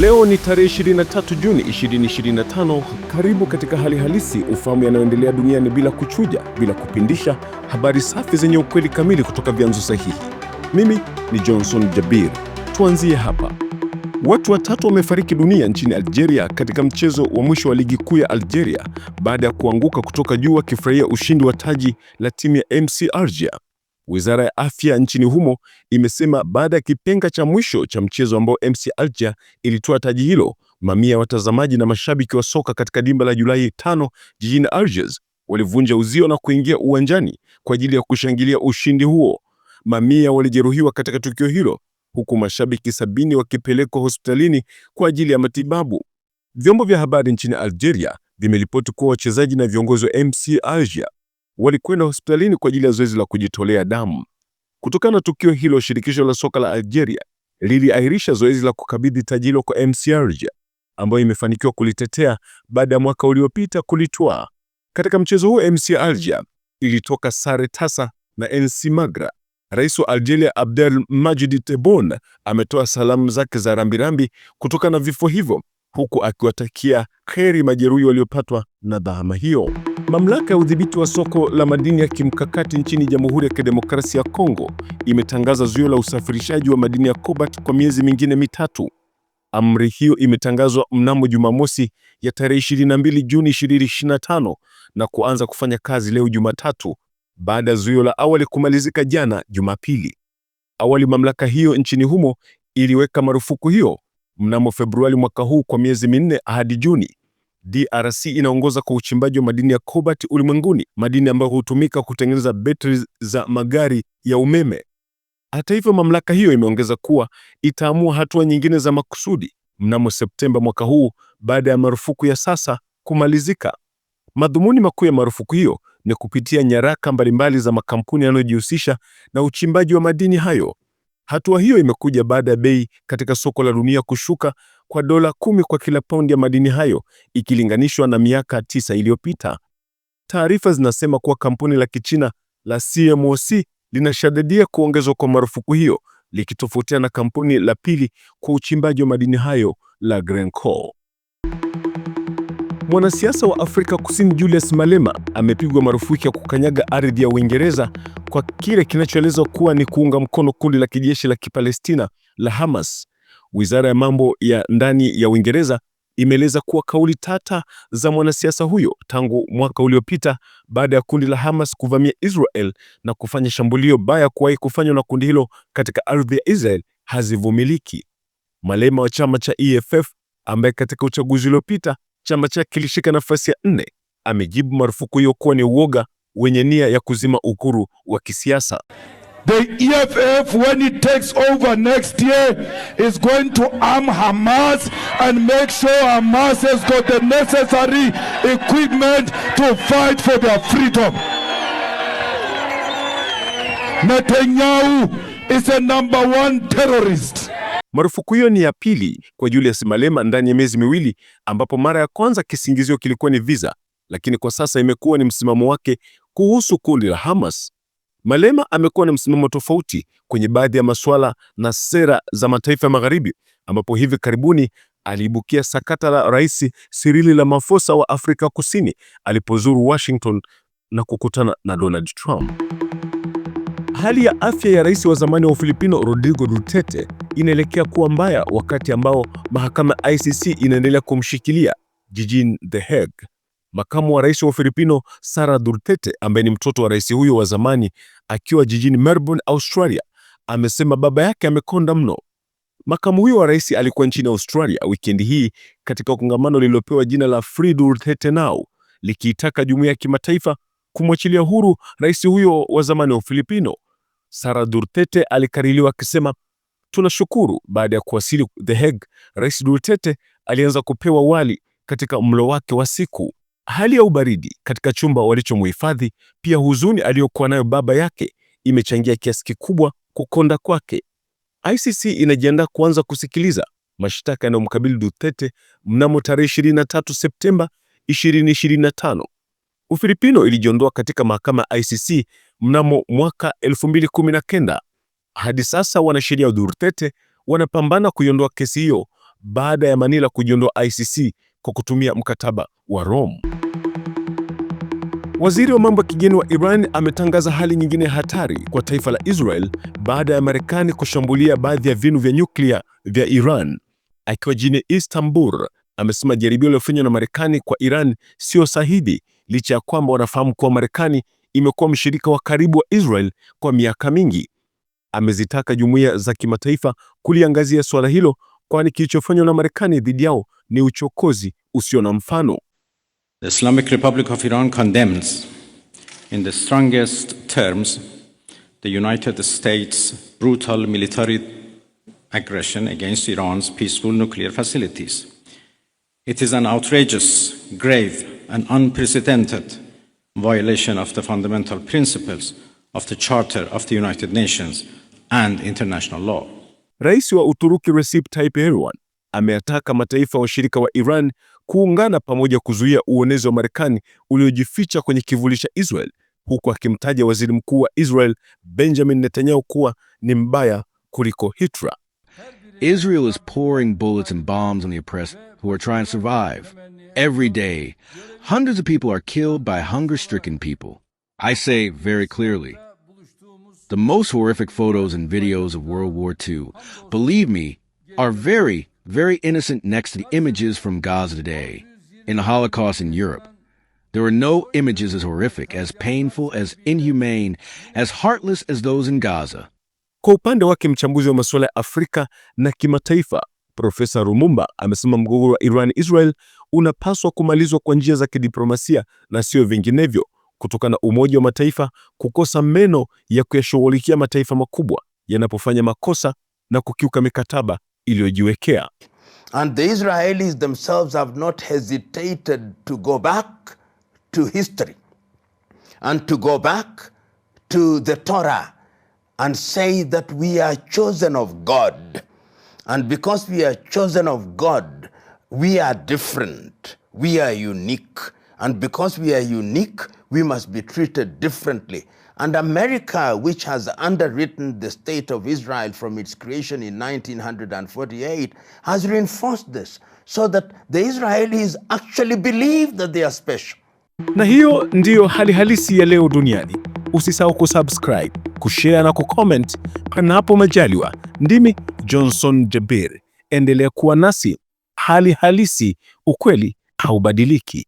Leo ni tarehe 23 Juni 2025. Karibu katika Hali Halisi, ufahamu yanayoendelea duniani bila kuchuja, bila kupindisha, habari safi zenye ukweli kamili kutoka vyanzo sahihi. Mimi ni Johnson Jabir. Tuanzie hapa. Watu watatu wamefariki dunia nchini Algeria katika mchezo wa mwisho wa ligi kuu ya Algeria baada ya kuanguka kutoka juu wakifurahia ushindi wa taji la timu ya MC Alger. Wizara ya afya nchini humo imesema baada ya kipenga cha mwisho cha mchezo ambao MC Alger ilitoa taji hilo, mamia ya watazamaji na mashabiki wa soka katika dimba la Julai tano jijini Algiers walivunja uzio na kuingia uwanjani kwa ajili ya kushangilia ushindi huo. Mamia walijeruhiwa katika tukio hilo huku mashabiki sabini wakipelekwa hospitalini kwa ajili ya matibabu. Vyombo vya habari nchini Algeria vimeripoti kuwa wachezaji na viongozi wa MC Alger walikwenda hospitalini kwa ajili ya zoezi la kujitolea damu. Kutokana na tukio hilo, shirikisho la soka la Algeria liliahirisha zoezi la kukabidhi taji hilo kwa MC Alger ambayo imefanikiwa kulitetea baada ya mwaka uliopita kulitwaa. Katika mchezo huo, MC Alger ilitoka sare tasa na NC Magra. Rais wa Algeria Abdel Majid Tebboune ametoa salamu zake za rambirambi kutokana na vifo hivyo huku akiwatakia kheri majeruhi waliopatwa na dhahama hiyo. Mamlaka ya udhibiti wa soko la madini ya kimkakati nchini Jamhuri ya Kidemokrasia ya Kongo imetangaza zuio la usafirishaji wa madini ya cobalt kwa miezi mingine mitatu. Amri hiyo imetangazwa mnamo Jumamosi ya tarehe 22 Juni 2025 na kuanza kufanya kazi leo Jumatatu baada ya zuio la awali kumalizika jana Jumapili. Awali mamlaka hiyo nchini humo iliweka marufuku hiyo Mnamo Februari mwaka huu, kwa miezi minne hadi Juni, DRC inaongoza kwa uchimbaji wa madini ya cobalt ulimwenguni, madini ambayo hutumika kutengeneza betri za magari ya umeme. Hata hivyo, mamlaka hiyo imeongeza kuwa itaamua hatua nyingine za makusudi mnamo Septemba mwaka huu baada ya marufuku ya sasa kumalizika. Madhumuni makuu ya marufuku hiyo ni kupitia nyaraka mbalimbali za makampuni yanayojihusisha na uchimbaji wa madini hayo. Hatua hiyo imekuja baada ya bei katika soko la dunia kushuka kwa dola kumi kwa kila paundi ya madini hayo ikilinganishwa na miaka tisa iliyopita. Taarifa zinasema kuwa kampuni la Kichina la CMOC linashadidia kuongezwa kwa marufuku hiyo likitofautiana na kampuni la pili kwa uchimbaji wa madini hayo la Glencore. Mwanasiasa wa Afrika Kusini Julius Malema amepigwa marufuku ya kukanyaga ardhi ya Uingereza kwa kile kinachoelezwa kuwa ni kuunga mkono kundi la kijeshi la Kipalestina la Hamas. Wizara ya mambo ya ndani ya Uingereza imeeleza kuwa kauli tata za mwanasiasa huyo tangu mwaka uliopita baada ya kundi la Hamas kuvamia Israel na kufanya shambulio baya kuwahi kufanywa na kundi hilo katika ardhi ya Israel hazivumiliki. Malema wa chama cha EFF ambaye katika uchaguzi uliopita chama chake kilishika nafasi ya nne, amejibu marufuku hiyo kuwa ni uoga wenye nia ya kuzima uhuru wa kisiasa. The EFF when it takes over next year is going to arm Hamas and make sure Hamas has got the necessary equipment to fight for their freedom. Netanyahu is a number one terrorist. Marufuku hiyo ni ya pili kwa Julius Malema ndani ya miezi miwili, ambapo mara ya kwanza kisingizio kilikuwa ni visa, lakini kwa sasa imekuwa ni msimamo wake kuhusu kundi la Hamas. Malema amekuwa na msimamo tofauti kwenye baadhi ya masuala na sera za mataifa ya Magharibi, ambapo hivi karibuni aliibukia sakata la Rais Cyril Ramaphosa wa Afrika Kusini alipozuru Washington na kukutana na Donald Trump. Hali ya afya ya rais wa zamani wa Ufilipino Rodrigo Duterte inaelekea kuwa mbaya wakati ambao mahakama ICC inaendelea kumshikilia jijini The Hague. Makamu wa rais wa Ufilipino Sara Duterte ambaye ni mtoto wa rais huyo wa zamani akiwa jijini Melbourne, Australia, amesema baba yake amekonda mno. Makamu huyo wa rais alikuwa nchini Australia wikendi hii katika kongamano lililopewa jina la Free Duterte Now, likiitaka jumuiya ya kimataifa kumwachilia huru rais huyo wa zamani wa Ufilipino. Sara Durtete alikaririwa akisema tunashukuru. Baada ya kuwasili The Hague, Rais Durtete alianza kupewa wali katika mlo wake wa siku. Hali ya ubaridi katika chumba walichomhifadhi, pia huzuni aliyokuwa nayo baba yake imechangia kiasi kikubwa kukonda kwake. ICC inajiandaa kuanza kusikiliza mashtaka yanayomkabili Duterte mnamo tarehe 23 Septemba 2025. Ufilipino ilijiondoa katika mahakama ya ICC mnamo mwaka 2019. Hadi sasa wanasheria wa Duterte wanapambana kuiondoa kesi hiyo baada ya Manila kujiondoa ICC kwa kutumia mkataba wa Rome. Waziri wa mambo ya kigeni wa Iran ametangaza hali nyingine hatari kwa taifa la Israel baada ya Marekani kushambulia baadhi ya vinu vya nyuklia vya Iran. Akiwa jijini Istanbul, amesema jaribio lililofanywa na Marekani kwa Iran sio sahihi licha ya kwamba wanafahamu kuwa Marekani imekuwa mshirika wa karibu wa Israel kwa miaka mingi. Amezitaka jumuiya za kimataifa kuliangazia suala hilo, kwani kilichofanywa na Marekani dhidi yao ni uchokozi usio na mfano. The Islamic Republic of Iran condemns in the strongest terms the United States brutal military aggression against Iran's peaceful nuclear facilities. It is an outrageous, grave an unprecedented violation of the fundamental principles of the Charter of the United Nations and international law. Rais wa Uturuki Recep Tayyip Erdogan ameataka mataifa washirika wa Iran kuungana pamoja kuzuia uonezi wa Marekani uliojificha kwenye kivuli cha Israel, huku akimtaja waziri mkuu wa Israel Benjamin Netanyahu kuwa ni mbaya kuliko Hitler. Israel is pouring bullets and bombs on the oppressed who are trying to survive every day. Hundreds of people are killed by hunger-stricken people. I say very clearly, the most horrific photos and videos of World War II, believe me, are very, very innocent next to the images from Gaza today, in the Holocaust in Europe. There are no images as horrific, as painful, as inhumane, as heartless as those in Gaza. Kwa upande wake mchambuzi wa masuala ya Afrika na kimataifa Profesa Rumumba amesema mgogoro wa Iran Israel unapaswa kumalizwa kwa njia za kidiplomasia na sio vinginevyo, kutokana na Umoja wa Mataifa kukosa meno ya kuyashughulikia mataifa makubwa yanapofanya makosa na kukiuka mikataba iliyojiwekea. And the Israelis themselves have not hesitated to go back to history and to go back to the Torah and say that we are chosen of God and because we are chosen of God we are different, we are unique. And because we are unique, we must be treated differently. And America, which has underwritten the state of Israel from its creation in 1948, has reinforced this so that the Israelis actually believe that they are special. Na hiyo ndiyo hali halisi ya leo duniani. Usisahau kusubscribe, kushare na kucomment panapo majaliwa. Ndimi Johnson Jabir, endelea kuwa nasi hali halisi, ukweli haubadiliki.